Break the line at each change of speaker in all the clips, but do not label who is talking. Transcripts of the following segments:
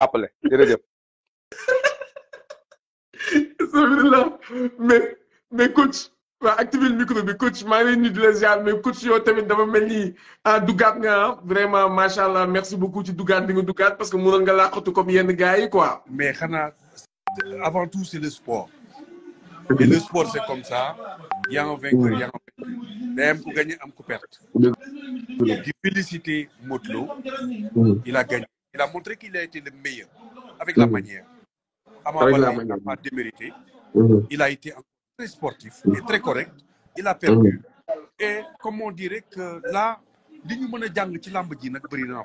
appelé jërëjëf.
alhamdulilah mais mais coach waaw activé micro bi coach maa ngi lay di la ziar mais coach yow tamit dafa mel ni ah duggaat nga ah, vraiment macha allah merci beaucoup ci duggaat di nga duggaat parce que mënoon nga làqatu
comme yenn gars yi quoi. mais xanaa avant tout c'est le sport. et le sport c'est comme ça. il a vainqueur il a un vaincu ku gagné am ku perte. di féliciter Modou mmh. il a gagné. Il a montré qu'il a été le meilleur avec la mm. manière. Amabala n'a pas mm. démérité. Mm. Il a été très sportif et très correct. Il a perdu. Et comme on dirait que là, li ñu mën a jàng ci làmb ji nag bëri na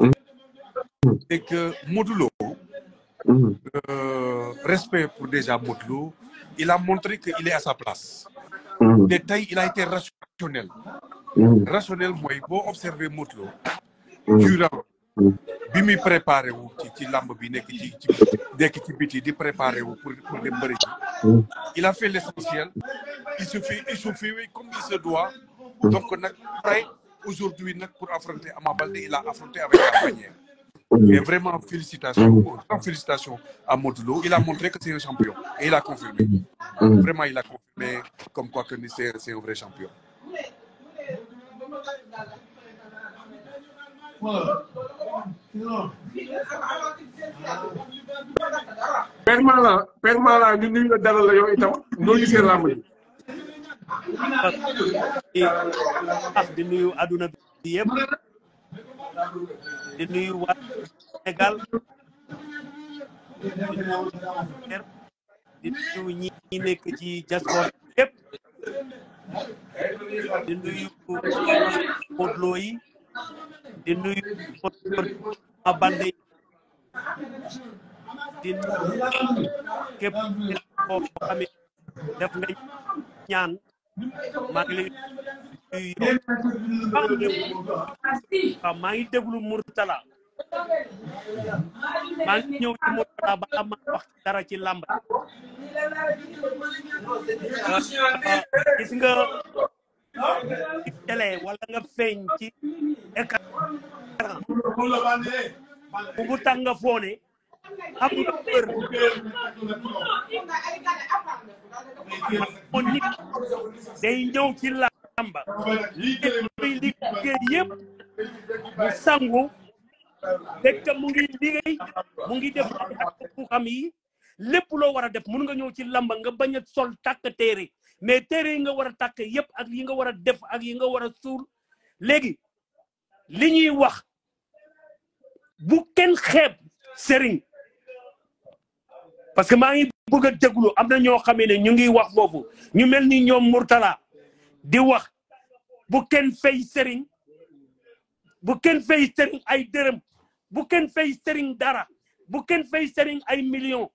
et que Modou euh, respect pour déjà Modou Lo il a montré que il est à sa place te il a été rationnel rationnel mooy boo observé Modou Lo bi muy préparé wu ci ci làmb bi nekk ci ci nekk biti di préparé wu pour pour dem bëri ji il a fait l'essentiel il suffit comme il se doit donc nag tey aujourd'hui nag pour affronter Ama Baldé il a affronté avec la manière mais vraiment félicitations félicitations à Modou Lo il a montré que c'est un champion et il a confirmé vraiment il a confirmé comme quoi que c'est c'est un vrai champion
Père Mala Père Mala la dalal la yow itam noo gisee làmb ji. di nuyu adduna bi
yëpp di nuyu waa Sénégal di nuyu ñi nekk ci diaspora yëpp di nuyu Modou Lo di nuyu waa bande yi di nuyu képp koo xam ne def nga ñaan maa ngi lay nuyu waaw maa ngi déglu Mourtala maa ngi ñëw ci Mourtala ba am dara ci làmb gis ci télé wala nga feeñ ci écran bu tax nga foone amul peur kon nit day ñëw ci làmba liggéey liggéey yëpp mu sangu fekk mu ngi liggéey mu ngi def ak xam yi lépp loo war a def mun nga ñëw ci làmba nga bañ a sol tàkk téere mais téere yi nga war a tàkk yépp ak yi nga war a def ak yi nga war a suul léegi li ñuy wax bu kenn xeeb sëriñ parce que maa ngi bëgg a déglu am na ñoo xamee ne ñu ngi wax foofu ñu mel ni ñoom Mourtala di wax bu kenn fay sëriñ bu kenn fay sëriñ ay dërëm bu kenn fay sëriñ dara bu kenn fay sëriñ ay millions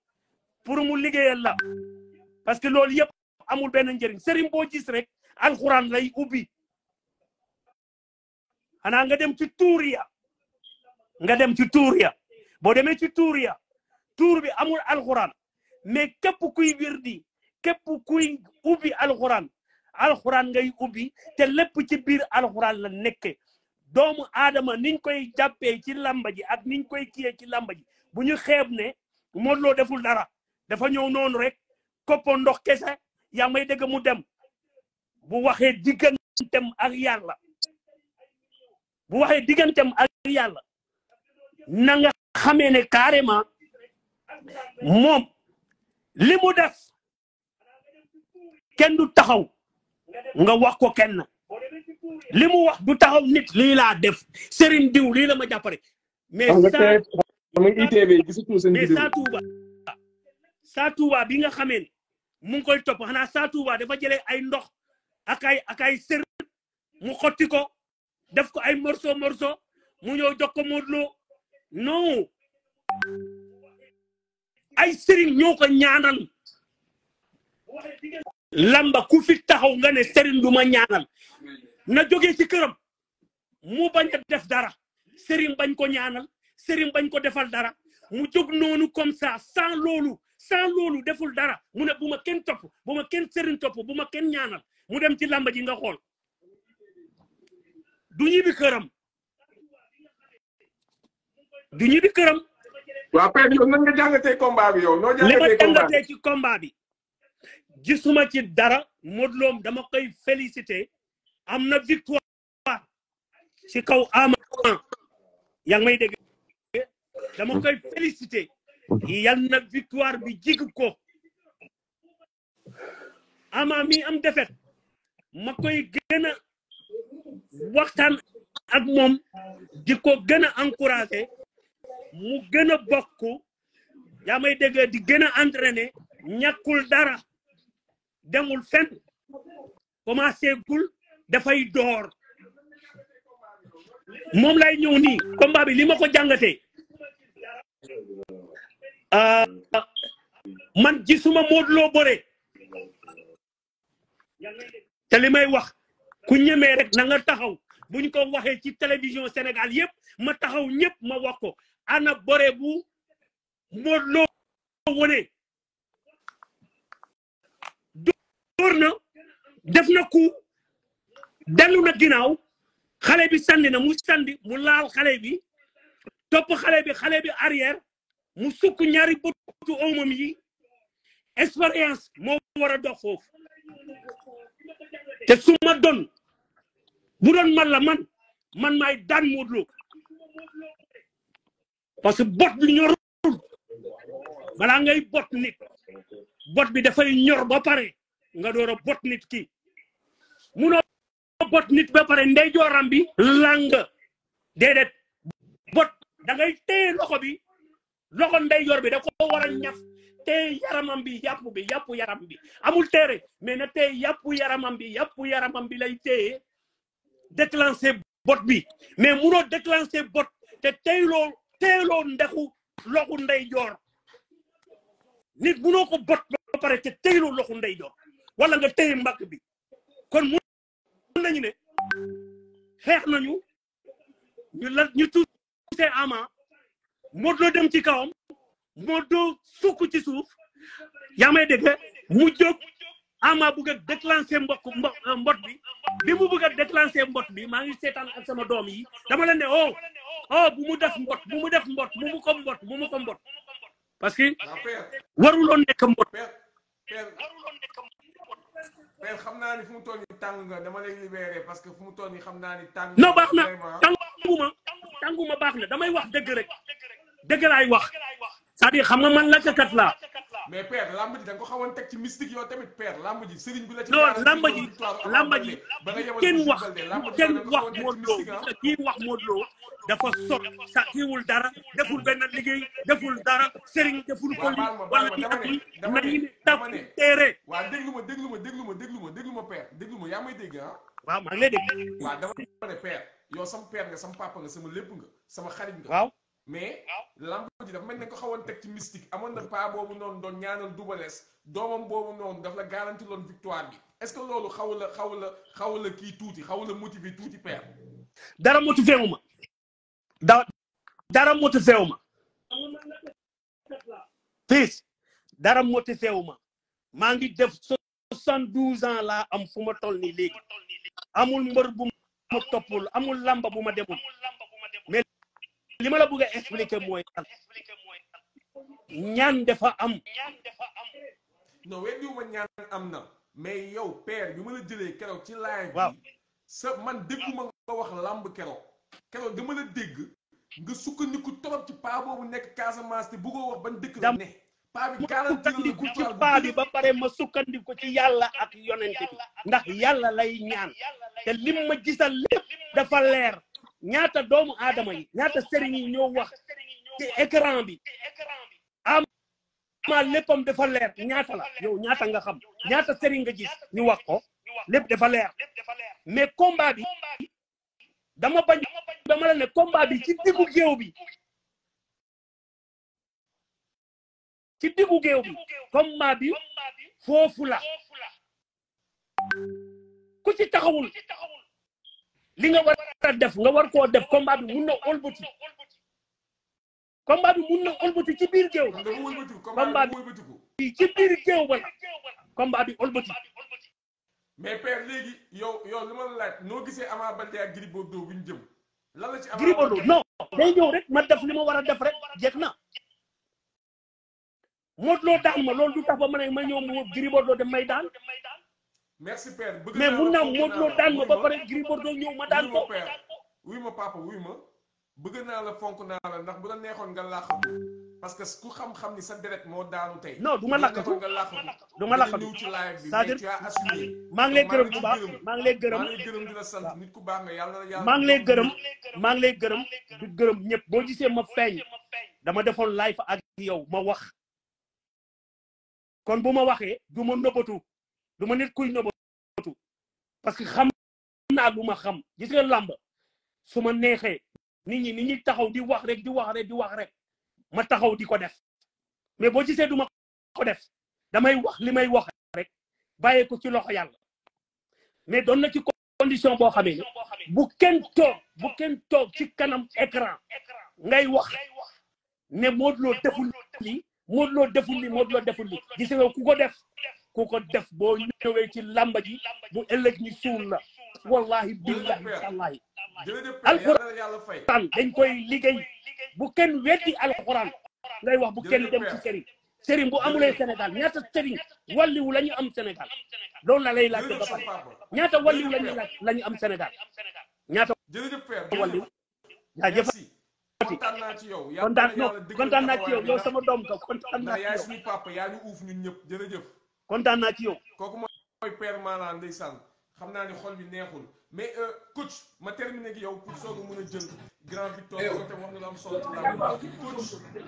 pour mu liggéeyal la parce que loolu yépp amul benn njëriñ sëriñ boo gis rek alxuraan lay ubbi xanaa nga dem ci tuuriya nga dem ci tuuriya boo demee ci tuuriya tuur bi amul alxuraan mais képp kuy wirdi képp kuy ubbi alxuraan alxuraan ngay ubbi te lépp ci biir alxuraan la nekke doomu aadama niñ koy jàppee ci lamba ji ak niñ koy kiyee ci lamba ji bu ñu xeeb ne Modou loo deful dara dafa ñëw noonu rek koppo ndox kese yaa ngi may mu dem bu waxee digganteem ak yàlla bu waxee digganteem ak yàlla nanga nga xamee ne carrément moom li mu def kenn du taxaw nga wax ko kenn li mu wax du taxaw nit lii laa def Serigne diw lii la ma jàppale. mais saa
mais saa
Touba saa Touba bi nga xamee mu ngi koy topp xanaa saa Touba dafa jëlee ay ndox ak ay ak mu xotti ko def ko ay morceau morceau mu ñëw jox ko Modou Lo ay sëriñ ñoo ko ñaanal lamba ku fi taxaw nga ne sëriñ du ma ñaanal na jógee ci këram mu bañ def dara sëriñ bañ ko ñaanal sëriñ bañ ko defal dara mu jóg noonu comme ça sans loolu sans loolu deful dara mu ne bu ma kenn topp bu ma kenn sëriñ topp bu ma kenn ñaanal mu dem ci làmb ji nga xool du ñibbi këram du ñibbi këram. waaw Père yow nan nga jàngatee combat bi yow. noo jàngatee combat bi li ci bi. gisuma ci dara Modou Lo dama koy féliciter am na victoire kaw Ama yaa may dégg dama koy féliciter Mhm. yal na victoire bi jig ko ama am defet ma koy gën waxtaan ak moom di ko gën a encouragé mu gën a bokk yaa may di gën a entraîné ñàkkul dara demul fenn commencé gul dafay door moom lay ñëw nii combat bi li ma ko jàngatee Euh, man gisuma Modou loo bëre te li may wax ku ñemee rek na nga taxaw bu ñu ko waxee ci télévision senegal yëpp ma taxaw ñëpp ma wax ko ana bore bu Modou loo wone door na def na ku dellu na ginnaaw xale bi sandi na mu sandi mu laal xale bi topp xale bi xale bi arrière mu sukk ñaari bëtu ëwmam yi expérience moo war a dox foofu te su ma bu doon man la man man maay daan Modou Lo que bot bi ñorul balaa ngay bot nit bot bi dafay ñor ba pare nga door a bot nit ki munoo bot nit ba pare ndey bi lang déedéet bot dangay ngay téye loxo bi loxo ndeyjoor bi da ko war a ñaf tey yaramam bi yàpp bi yàpp yaram bi amul téere mais na tey yàpp yaramam bi yàpp yaramam bi lay téye déclencher bot bi mais munoo déclencher bot te teyloo teyloo ndexu loxu ndeyjoor nit munoo ko bot ba pare te teyloo loxu ndeyjoor wala nga téye mbakk bi kon mun nañu ne xeex nañu ñu la ama Modou Lo dem ci kawam Modou Lo sukk ci suuf yaa may dégg mu jóg ama bëgg a déclencher mbokk mbot bi bi mu bëgg a déclencher mbot bi maa ngi seetaan ak sama doom yi dama leen ne oh oh bu mu def mbot bu mu def mbot bu mu ko mbot bu mu ko mbot parce que waruloon nekk mbot. père xam naa ni fu mu toll tàng nga dama lay libéré parce que fu mu toll nii xam naa ni tàng. non baax na tànguma tànguma baax na damay wax dëgg rek. dëgg laay wax
cest à xam nga man làkkat laa. mais père lamb ji da nga ko xawoon teg ci mystique yow tamit père lamb ji sëriñ bi la ci. non lamb ji
lamb ji kenn wax kenn wax Modou Lo kii wax Modou Lo dafa sot sa kiiwul dara deful benn liggéey deful dara
sëriñ deful ko lii wala lii ak lii nañu ne taf téere. waaw déglu ma déglu dëgg déglu ma déglu ma déglu ma père déglu ma yaa may dégg ah. waaw maa ngi lay dégg. waaw dama ne père yow sama père nga sama papa nga sama lépp nga sama xarit nga. waaw. mais lamb ji dafa mel na ko xawoon teg ci mystique amoon na paa boobu noonu doon ñaanal dubalees doomam boobu noonu daf la garanti loon victoire bi est-ce que loolu xaw la xaw la xaw la kii tuuti xaw la motiver tuuti père
dara motiver wu ma da dara motiver wu ma fils dara motiver ma maa ngi def soixante douze ans la am fu ma toll nii léegi amul mbër bu ma toppul amul lamba bu ma demul li ma la bëgg expliquer mooy
ñaan dafa am. non weddi wu ma ñaan am na mais yow père bi ma la jëlee keroog ci live bi sa man dégguma nga wax làmb keroog keroog dama la dégg nga sukkandiku torop ci paa bu nekk Casamance te bëggoo wax ban dëkk la ne paa bi sukkandiku ci paa ba pare ma sukkandiku ci yàlla ak
yonent bi ndax yàlla lay ñaan te lim ma gisal lépp dafa leer ñaata doomu aadama yi ñaata sëriñ yi ñoo wax ci écran bi ama léppam dafa leer ñaata la yow ñaata nga xam ñaata sëriñ nga gis ñu wax ko lépp dafa leer mais combat bi dama bañ dama la ne combat bi ci diggu géew bi ci diggu géew bi combat bi foofu la ku ci taxawul li nga war a def nga war ko def combat bi mun na olbati combat bi mun na olbati ci biir géew combat bi ci biir géew ba la combat bi olbati
mais père léegi yow yow li ma la laaj gisee Ama Baldé ak Gris Bordeaux ci Gris Bordeaux
non day ñëw rek ma def li ma war a def rek jeex na Modou Lo daan ma loolu du tax ba ma ne ma ñëw mu Gris dem may daan
merci père bëgg mais mun naa Modou Lo daan ma ba pare Gris Bordeaux ñëw ma daan ko. wuy ma papa wuy ma bëgg naa la fonk naa la ndax bu la neexoon nga làqatu parce que ku xam-xam ni sa deret moo daanu tey. non du ma làqatu nga làqatu du ma làqatu ñëw ci live bi cest à ngi lay gërëm bu maa ngi lay gërëm maa ngi lay gërëm di la sant nit ku baax nga ngi lay gërëm
maa ngi gërëm di gërëm ñëpp boo gisee ma feeñ dama defoon live ak yow ma wax kon bu ma waxee du ma nëbbatu du ma nit kuy nëbbatu parce que xam naa lu ma xam gis nga làmb su ma neexee nit ñi ni ñi taxaw di wax rek di wax rek di wax rek ma taxaw di ko def mais boo gisee du ma ko def damay wax li may wax rek bàyyee ko ci loxo yàlla mais doon na ci condition boo xamee ne bu kenn toog bu kenn toog ci kanam écran ngay wax ne Modou Lo deful li Modou Lo deful li Modou Lo deful li gis nga ku ko def ku ko def boo ñëwee ci làmba ji bu ëllëg ñu suul la wallahi billahi wallahi alquran dañ koy liggéey bu kenn weddi alquran ngay wax bu kenn dem ci sëriñ sëriñ bu amulee Sénégal ñaata sëriñ walliwu la ñu am Sénégal loolu la lay laajte ba pare ñaata walliwu la ñu laaj la ñu am Sénégal ñaata walliw jaajëf kontaan
naa ci yow kontaan naa ci yow yow sama doom nga kontaan naa ci yow yaa suñu papa yaa ñu uuf ñun ñëpp jërëjëf kontaan naa ci yow. kooku mooy père Malang ndeysaan xam naa ni xol bi neexul mais euh, coach ma terminer gi yow pour soog a mën a jël grand victoire eh. côté bi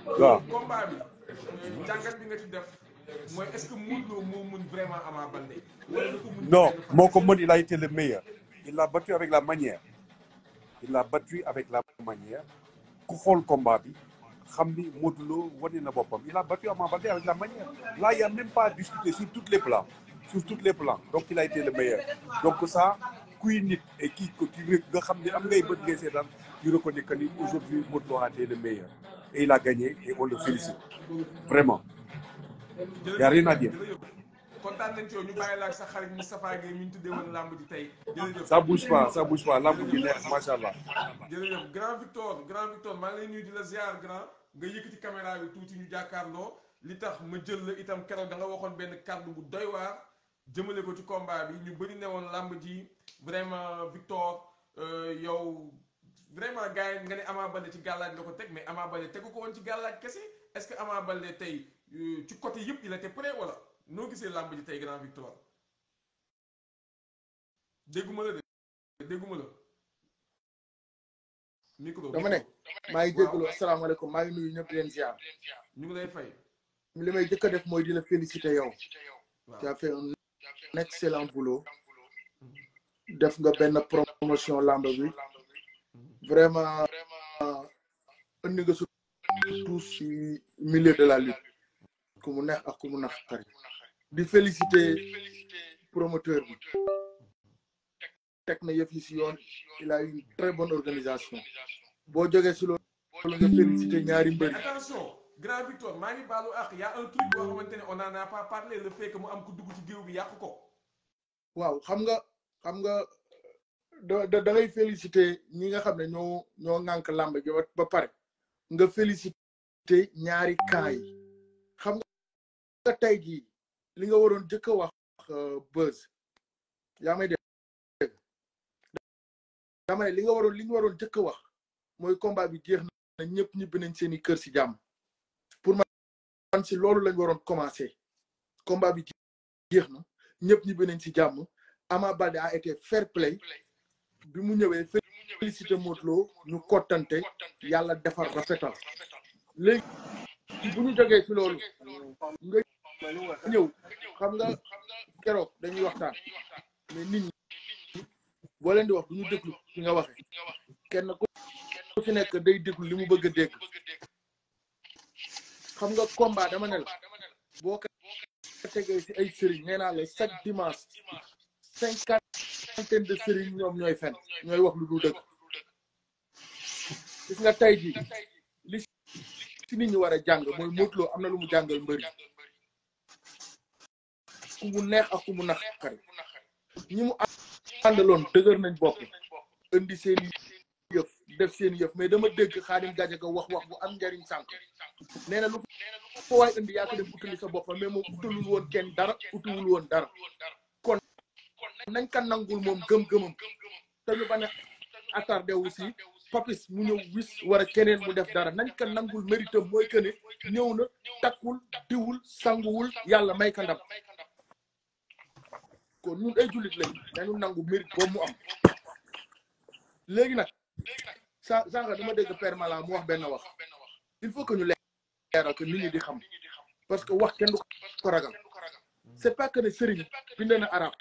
euh, jàngat bi nga ci def mooy est-ce que Modou moo mën vraiment Ama Baldé.
non moo ko mën il a été le meilleur. il l'a battu avec la manière. il l'a battu avec la manière ku xool combat bi. xam ni Modou Lo wane na boppam il a battu Ama Baldé avec la manière là il a même pas à discuter sur tous les plans sur tous les plans donc il a été le donc ça kuy nit et kii ko ci nga xam ne am ngay bët ngay seetaan ñu reconnaît ni aujourd'hui Modou Lo a été le meilleur et il a gagné et on le félicite vraiment
y a rien à dire kontaan nañ ci yow ñu bàyyi la ak sa xarit Moustapha Gueye mi ñu tuddee woon lamb ji tey jërëjëf ça bouge grand Victor grand Victor maa ngi lay di la ziar grand nga yëkkati caméra bi tuuti ñu jàkkaarloo li tax ma jël la itam keroog danga waxoon benn kàddu bu doy waa jëmale ko ci combat bi ñu bëri ne woon làmb ji vraiment Victor euh, yow vraiment gars yi nga ne amaa Baldé ci gàllaaj nga ko teg mais Ama Baldé tegu ko woon ci gàllaaj kese est-ce que Ama Baldé tey euh, ci côté yëpp la était prêt wala noo gisee làmb ji tey grand Victor dégguma la de dégguma la.
micro dama ne maa ngi jégalu asalaamaaleykum maa ngi nuyu ñëpp di leen ziar. ñu ngi lay fay. li may jëkk a def mooy di la féliciter yow. tu as fait un excellent def nga benn promotion lamb bi. Mhm. vraiment indi nga su tous ci milieu de la lutte. ku mu neex ak ku mu naqari. di féliciter promoteur bi. teg na yëf si yoon il a une très bonne organisation boo jógee si loolu félicité ñaari mbër
attention grand maa ngi baalu ak y a un mu am ku dugg ci géew bi yàq ko
waaw xam nga xam nga da da félicité ñi nga xam ne ñoo ñoo ŋànk làmb ji ba pare nga félicité ñaari kay xam nga tey jii li nga waroon jëkk a wax euh, buzz yaa may def dama li ga waroon li ñu waroon jëkk wax mooy combat bi jeex na ñëpp ñibbi nañ seen kër si jàmm pour man si loolu lañ waroon commencé combat bi jeex na ñëpp ñibbi nañ si jàmm Ama Baldé a été fair play bi mu ñëwee félicité Modou ñu kottante yàlla defar rafetal léegi bu ñu jógee si loolu nga ñëw xam nga keroog dañuy waxtaan mais nit boo leen di wax du ñu déglu fi nga waxee kenn ku ci nekk day déglu li mu bëgg a dégg xam nga combat dama ne boo ko tegee ci ay sëriñ nee naa la chaque dimanche cinquantaine de sëriñ ñoom ñooy fen ñooy wax lu du dëgg gis nga tey ji li ci war a jàng mooy Modou am na lu mu jàngal mbëri ku mu neex ak ku mu naqari ñi mu àndaloon dëgër nañ bopp indi seen yëf def seen yëf mais dama dégg Khadim Gadiaga wax wax bu am njariñ sànq nee na lu fa waay indi yaa ko dem utali sa boppam mais moom utalul woon kenn dara utiwul woon dara kon nañ kan nangul moom gëm-gëmam te ñu bañ a attardé wu si papis mu ñëw wis war a keneen mu def dara nañ kan nangul méritam mooy que ne ñëw na takkul diwul sanguwul yàlla may ka kon ñun ay jullit lañ dañu nangu mérite boobu mu am léegi nag sa sànq dama dégg Père Malang mu wax benn wax il faut que ñu leeral que nit ñi di xam parce que wax kenn du ko c'est pas que ne sëriñ bind na arab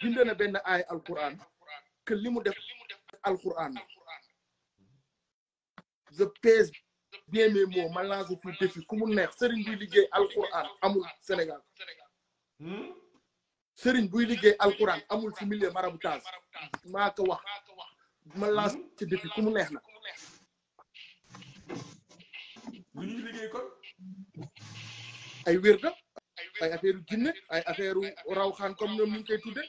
bind na benn aay alquran que li mu def alquran je pèse bien mes mots ma lance fi défi ku mu neex sëriñ bi liggéey alquran amul Sénégal. Hmm? sëriñ buy liggéey alquran amul ci milieu maraboutage maa ko wax ma laas ci défi ku mu neex na
lu ñuy liggéey kon
ay wérda ay affaire u ay affaire u rawxaan
comme ñoom ñu koy tudde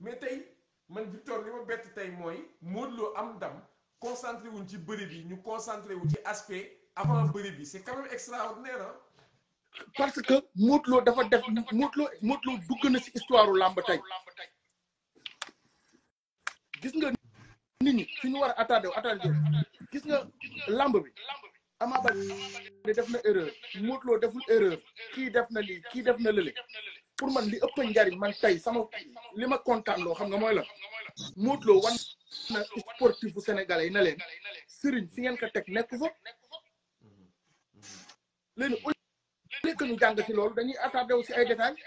mais tey man Victor li ma bett tey mooy Modou Lo am ndam concentré wuñ ci bëri bi ñu concentré wu ci aspect avant bëri bi c'est quand même extraordinaire ah.
parce que mootloo Lo dafa def mootloo Lo Modou Lo dugg na ci histoire làmb tey gis nga nit ñi fi ñu war a attardé bi gis nga làmb bi Ama Baldé def na erreur Modou Lo deful erreur ki def na lii kii def na lële pour man li ëpp njariñ man tey sama li ma kontaan loo xam nga mooy la Modou Lo wan na sportif bu yi na leen sëriñ fi ngeen ko teg nekk fa. léegi au lieu que jàng ci loolu dañuy attardé wu ci ay détails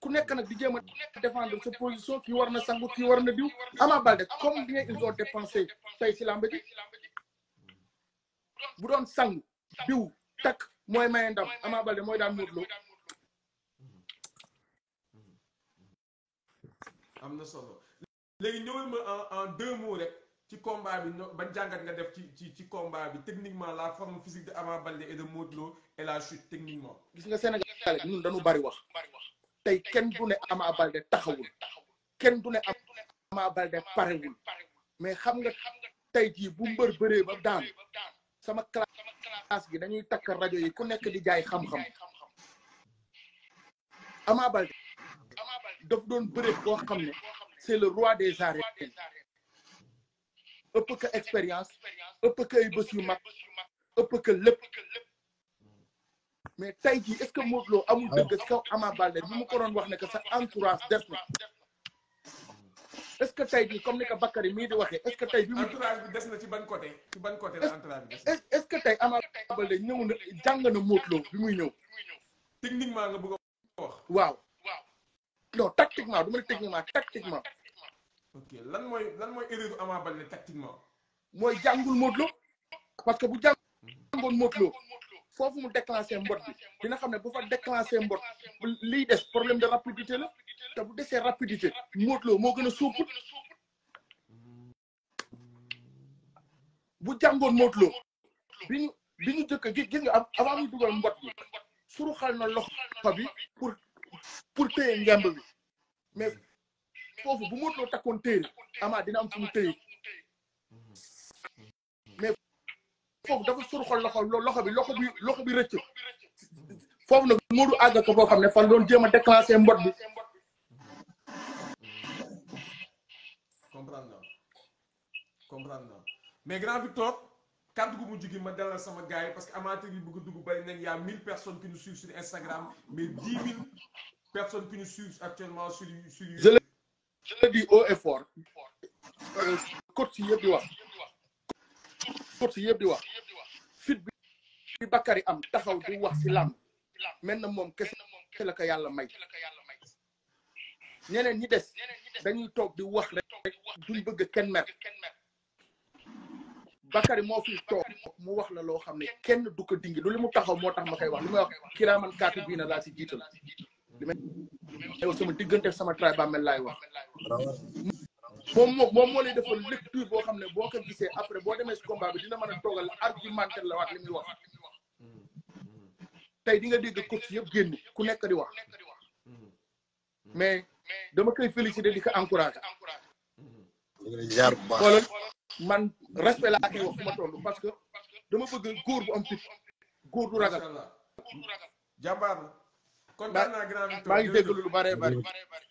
ku nekk nag di jéem a défendre sa position kii war na sangu kii war na diw Ama Baldé comme bien ils ont dépensé tey ci làmb bu doon sangu diw takk mooy maye ndam Ama mooy daan Modou
Lo na solo léegi ñëwal ma en deux mots rek ci combat bi no ban jàngat nga def ci ci ci combat bi techniquement la forme physique de Ama Baldé et de Modou Lo et la chute techniquement. gis nga
Sénégal ñun dañu bari wax tey
kenn du ne Ama
Baldé taxawul kenn du ne Ama Baldé parewul mais xam nga tey jii bu mbër bëree ba daan sama classe gi dañuy takk rajo yi ku nekk di jaay xam-xam Ama Baldé daf doon bëree boo xam ne c'est le roi des arènes. ëpp ka expérience ëpp ka ay bés mag ëpp ka lépp mais tey jii est ce que Modou Lo amul dëgg si kaw Ama Baldé bi mu ko doon wax ne que sa entourage def na est ce que tey jii comme ni ko Bakary mii di waxee est ce que tey bi mu entourage
des na ci ban côté ci ban côté la
est ce que tey Ama Baldé ñëw na jàng na Modou Lo
bi muy ñëw techniquement nga bëgg a wax waaw non tactiquement du ma ne techniquement tactiquement ok lan mooy lan mooy erreur Ama Baldé tactiquement.
mooy jàngul Modou Lo parce que bu jàngoon Modou Lo foofu mu déclenché mbot bi dina xam ne bu fa déclenché mbot liy des problème de rapidité la te bu desee rapidité Modou Lo moo gën a suuput bu jàngoon Modou Lo bi ñu bi ñu jëkk gis nga avant muy dugal mbot bi xal na loxo bi pour pour téye ngemb bi foofu bu Modou Lo takkoon téere Ama dina am fu mu téye mais foofu dafa surxol loxo loxo bi loxo loxo bi rëcc foofu nag Modou àgg ko xam ne fan doon jéem a déclencher mbot bi
comprendre naa comprendre naa mais grand Victor kàddu gu mujj gi ma dalal sama gars yi parce que a dugg bari nañ y a mille personnes qui nous suivent sur Instagram mais dix mille personnes qui nous suivent actuellement sur sur
je le dis haut et euh, yëpp di wax coach yëpp di wax fit bi Bakary am taxaw di wax si làmb mel na moom kese la ko yàlla may ñeneen ñi des dañuy toog di wax rek duñ bëgg kenn mer Bakary moo fi toog mu wax la loo xam ne kenn du ko dingi lu li mu taxaw moo tax ma koy wax li may wax kiraaman kaati bii na laa si jiital li may wax sama diggante sama traay bàmmeel laay wax moom moo moom moo lay defal lecture boo xam ne boo ko gisee après boo demee si combat bi dina mën a toogal argumenté la waat li muy wax tey di nga dégg coach yëpp génn ku nekk di wax mais dama koy félicité di ko encouragé xoolal man respect laa koy wax fu ma toll parce que dama bëgg góor bu am fit góor du ragal jàmbaar la kon daan naa grand victoire maa ngi dégg lu bare bare bare